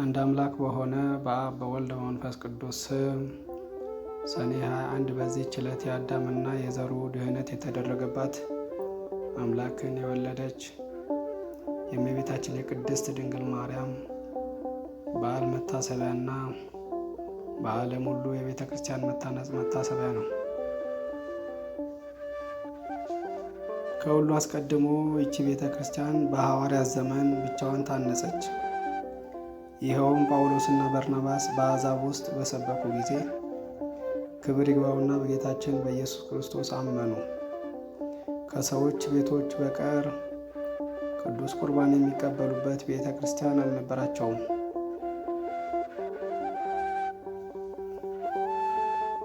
አንድ አምላክ በሆነ በአብ በወልድ በመንፈስ ቅዱስ ስም ሰኔ 21 በዚህ ችለት የአዳምና የዘሩ ድህነት የተደረገባት አምላክን የወለደች የእመቤታችን የቅድስት ድንግል ማርያም በዓል መታሰቢያና በዓለም ሁሉ የቤተ ክርስቲያን መታነጽ መታሰቢያ ነው። ከሁሉ አስቀድሞ ይቺ ቤተ ክርስቲያን በሐዋርያት ዘመን ብቻዋን ታነጸች። ይኸውም ጳውሎስና በርናባስ በአሕዛብ ውስጥ በሰበኩ ጊዜ ክብር ይግባውና በጌታችን በኢየሱስ ክርስቶስ አመኑ። ከሰዎች ቤቶች በቀር ቅዱስ ቁርባን የሚቀበሉበት ቤተ ክርስቲያን አልነበራቸውም።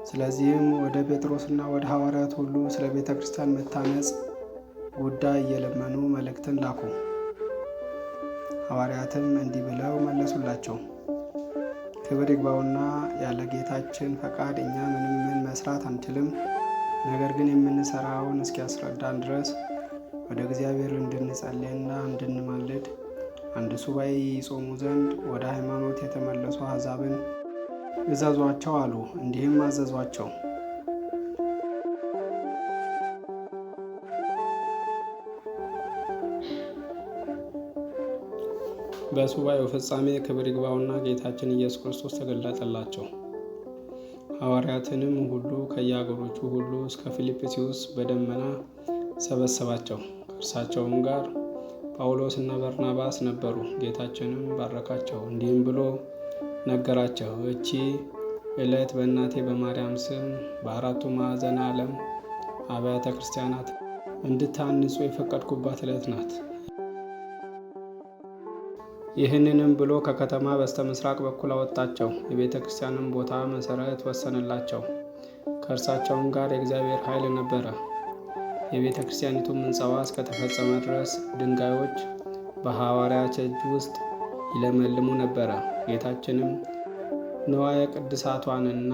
ስለዚህም ወደ ጴጥሮስና ወደ ሐዋርያት ሁሉ ስለ ቤተ ክርስቲያን መታነጽ ጉዳይ እየለመኑ መልእክትን ላኩ። ሐዋርያትም እንዲህ ብለው መለሱላቸው፣ ክብር ይግባውና ያለ ጌታችን ፈቃድ እኛ ምንም ምን መስራት አንችልም። ነገር ግን የምንሰራውን እስኪያስረዳን ድረስ ወደ እግዚአብሔር እንድንጸልይና እንድንማልድ አንድ ሱባኤ ይጾሙ ዘንድ ወደ ሃይማኖት የተመለሱ አሕዛብን እዘዟቸው አሉ። እንዲህም አዘዟቸው በሱባኤው ፍጻሜ ክብር ይግባውና ጌታችን ኢየሱስ ክርስቶስ ተገለጠላቸው። ሐዋርያትንም ሁሉ ከየአገሮቹ ሁሉ እስከ ፊልጵስዩስ በደመና ሰበሰባቸው። ከእርሳቸውም ጋር ጳውሎስ እና በርናባስ ነበሩ። ጌታችንም ባረካቸው፣ እንዲህም ብሎ ነገራቸው። እቺ ዕለት በእናቴ በማርያም ስም በአራቱ ማዕዘን ዓለም አብያተ ክርስቲያናት እንድታንጹ የፈቀድኩባት ዕለት ናት። ይህንንም ብሎ ከከተማ በስተ ምስራቅ በኩል አወጣቸው። የቤተ ክርስቲያንም ቦታ መሰረት ወሰነላቸው። ከእርሳቸውም ጋር የእግዚአብሔር ኃይል ነበረ። የቤተ ክርስቲያኒቱም ምንጻዋ እስከተፈጸመ ድረስ ድንጋዮች በሐዋርያት እጅ ውስጥ ይለመልሙ ነበረ። ጌታችንም ንዋየ ቅድሳቷንና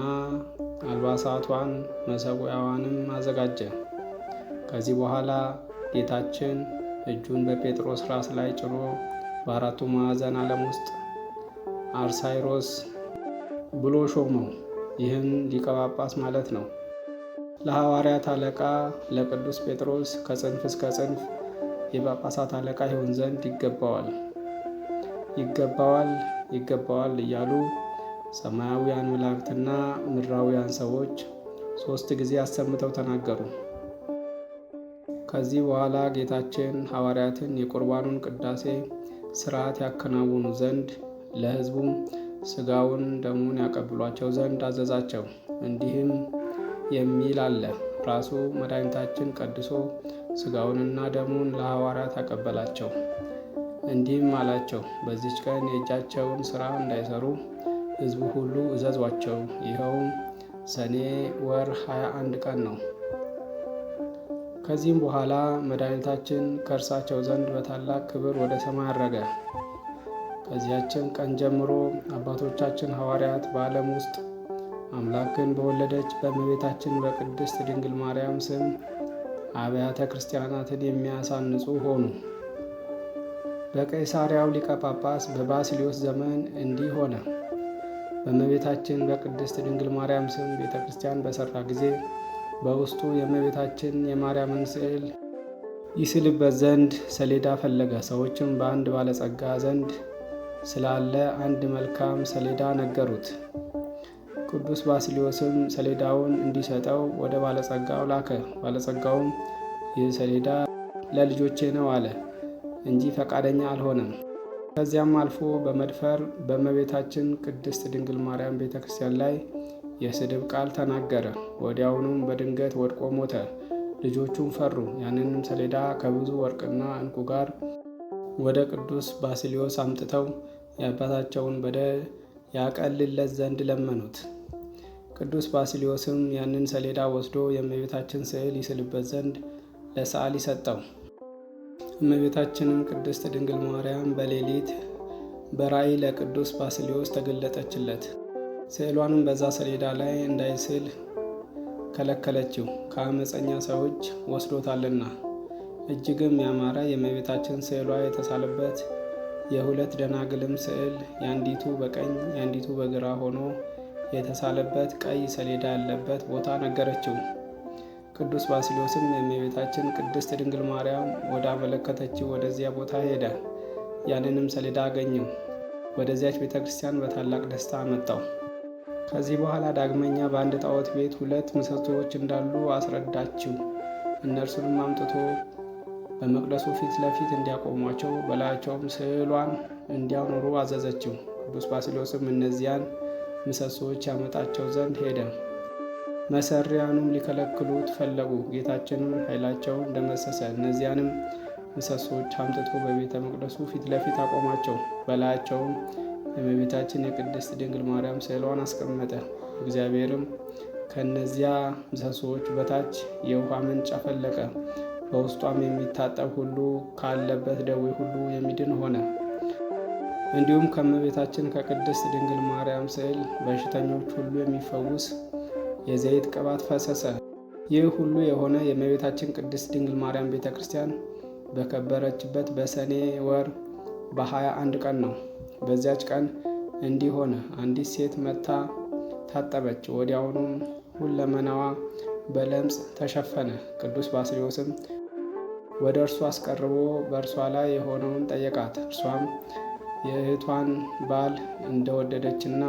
አልባሳቷን መሰዊያዋንም አዘጋጀ። ከዚህ በኋላ ጌታችን እጁን በጴጥሮስ ራስ ላይ ጭሮ በአራቱ ማዕዘን ዓለም ውስጥ አርሳይሮስ ብሎ ሾመው። ይህም ሊቀ ጳጳስ ማለት ነው። ለሐዋርያት አለቃ ለቅዱስ ጴጥሮስ ከጽንፍ እስከ ጽንፍ የጳጳሳት አለቃ ይሆን ዘንድ ይገባዋል ይገባዋል ይገባዋል እያሉ ሰማያዊያን መላእክትና ምድራውያን ሰዎች ሦስት ጊዜ አሰምተው ተናገሩ። ከዚህ በኋላ ጌታችን ሐዋርያትን የቁርባኑን ቅዳሴ ስርዓት ያከናውኑ ዘንድ ለህዝቡ ስጋውን ደሙን ያቀብሏቸው ዘንድ አዘዛቸው። እንዲህም የሚል አለ። ራሱ መድኃኒታችን ቀድሶ ስጋውንና ደሙን ለሐዋርያት አቀበላቸው። እንዲህም አላቸው፣ በዚች ቀን የእጃቸውን ስራ እንዳይሰሩ ህዝቡ ሁሉ እዘዟቸው። ይኸውም ሰኔ ወር 21 ቀን ነው። ከዚህም በኋላ መድኃኒታችን ከእርሳቸው ዘንድ በታላቅ ክብር ወደ ሰማይ አረገ። ከዚያችን ቀን ጀምሮ አባቶቻችን ሐዋርያት በዓለም ውስጥ አምላክን በወለደች በእመቤታችን በቅድስት ድንግል ማርያም ስም አብያተ ክርስቲያናትን የሚያሳንጹ ሆኑ። በቀይሳሪያው ሊቀ ጳጳስ በባስሊዮስ ዘመን እንዲህ ሆነ። በእመቤታችን በቅድስት ድንግል ማርያም ስም ቤተ ክርስቲያን በሠራ ጊዜ በውስጡ የእመቤታችን የማርያምን ስዕል ይስልበት ዘንድ ሰሌዳ ፈለገ። ሰዎችም በአንድ ባለጸጋ ዘንድ ስላለ አንድ መልካም ሰሌዳ ነገሩት። ቅዱስ ባስልዮስም ሰሌዳውን እንዲሰጠው ወደ ባለጸጋው ላከ። ባለጸጋውም ይህ ሰሌዳ ለልጆቼ ነው አለ እንጂ ፈቃደኛ አልሆነም። ከዚያም አልፎ በመድፈር በእመቤታችን ቅድስት ድንግል ማርያም ቤተ ክርስቲያን ላይ የስድብ ቃል ተናገረ። ወዲያውኑም በድንገት ወድቆ ሞተ። ልጆቹም ፈሩ። ያንንም ሰሌዳ ከብዙ ወርቅና እንቁ ጋር ወደ ቅዱስ ባስሊዮስ አምጥተው የአባታቸውን በደል ያቀልለት ዘንድ ለመኑት። ቅዱስ ባስሊዮስም ያንን ሰሌዳ ወስዶ የእመቤታችን ስዕል ይስልበት ዘንድ ለሰዓሊ ሰጠው። እመቤታችንም ቅድስት ድንግል ማርያም በሌሊት በራእይ ለቅዱስ ባስሊዮስ ተገለጠችለት። ስዕሏንም በዛ ሰሌዳ ላይ እንዳይስል ከለከለችው፣ ከአመፀኛ ሰዎች ወስዶታልና። እጅግም ያማረ የእመቤታችን ስዕሏ የተሳለበት የሁለት ደናግልም ስዕል የአንዲቱ በቀኝ የአንዲቱ በግራ ሆኖ የተሳለበት ቀይ ሰሌዳ ያለበት ቦታ ነገረችው። ቅዱስ ባስልዮስም የእመቤታችን ቅድስት ድንግል ማርያም ወደ አመለከተችው ወደዚያ ቦታ ሄደ። ያንንም ሰሌዳ አገኘው። ወደዚያች ቤተ ክርስቲያን በታላቅ ደስታ መጣው። ከዚህ በኋላ ዳግመኛ በአንድ ጣዖት ቤት ሁለት ምሰሶዎች እንዳሉ አስረዳችው። እነርሱንም አምጥቶ በመቅደሱ ፊት ለፊት እንዲያቆሟቸው በላያቸውም ስዕሏን እንዲያኖሩ አዘዘችው። ቅዱስ ባስሌዎስም እነዚያን ምሰሶዎች ያመጣቸው ዘንድ ሄደ። መሰሪያኑም ሊከለክሉት ፈለጉ። ጌታችንም ኃይላቸውን ደመሰሰ። እነዚያንም ምሰሶዎች አምጥቶ በቤተ መቅደሱ ፊት ለፊት አቆማቸው። በላያቸውም የእመቤታችን የቅድስት ድንግል ማርያም ስዕሏን አስቀመጠ። እግዚአብሔርም ከእነዚያ ምሰሶዎች በታች የውሃ ምንጭ አፈለቀ። በውስጧም የሚታጠብ ሁሉ ካለበት ደዌ ሁሉ የሚድን ሆነ። እንዲሁም ከእመቤታችን ከቅድስት ድንግል ማርያም ስዕል በሽተኞች ሁሉ የሚፈውስ የዘይት ቅባት ፈሰሰ። ይህ ሁሉ የሆነ የእመቤታችን ቅድስት ድንግል ማርያም ቤተ ክርስቲያን በከበረችበት በሰኔ ወር በሀያ አንድ ቀን ነው። በዚያች ቀን እንዲህ ሆነ። አንዲት ሴት መታ ታጠበች፣ ወዲያውኑም ሁለመናዋ በለምጽ ተሸፈነ። ቅዱስ ባስልዮስም ወደ እርሱ አስቀርቦ በእርሷ ላይ የሆነውን ጠየቃት። እርሷም የእህቷን ባል እንደወደደችና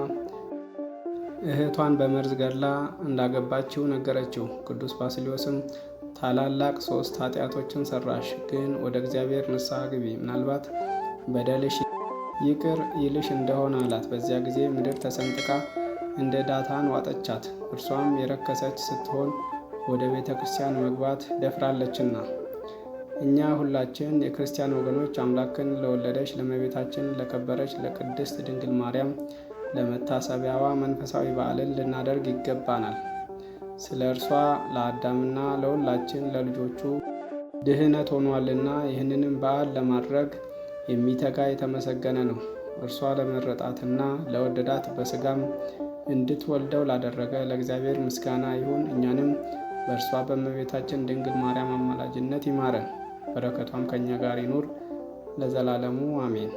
እህቷን በመርዝ ገድላ እንዳገባችው ነገረችው። ቅዱስ ባስሊዮስም ታላላቅ ሶስት ኃጢአቶችን ሰራሽ፣ ግን ወደ እግዚአብሔር ንስሐ ግቢ፣ ምናልባት በደልሽ ይቅር ይልሽ እንደሆነ አላት። በዚያ ጊዜ ምድር ተሰንጥቃ እንደ ዳታን ዋጠቻት፣ እርሷም የረከሰች ስትሆን ወደ ቤተ ክርስቲያን መግባት ደፍራለችና። እኛ ሁላችን የክርስቲያን ወገኖች አምላክን ለወለደች ለመቤታችን ለከበረች ለቅድስት ድንግል ማርያም ለመታሰቢያዋ መንፈሳዊ በዓልን ልናደርግ ይገባናል። ስለ እርሷ ለአዳምና ለሁላችን ለልጆቹ ድህነት ሆኗልና ይህንንም በዓል ለማድረግ የሚተጋ የተመሰገነ ነው። እርሷ ለመረጣትና ለወደዳት በስጋም እንድትወልደው ላደረገ ለእግዚአብሔር ምስጋና ይሁን። እኛንም በእርሷ በእመቤታችን ድንግል ማርያም አማላጅነት ይማረን፣ በረከቷም ከእኛ ጋር ይኑር ለዘላለሙ አሜን።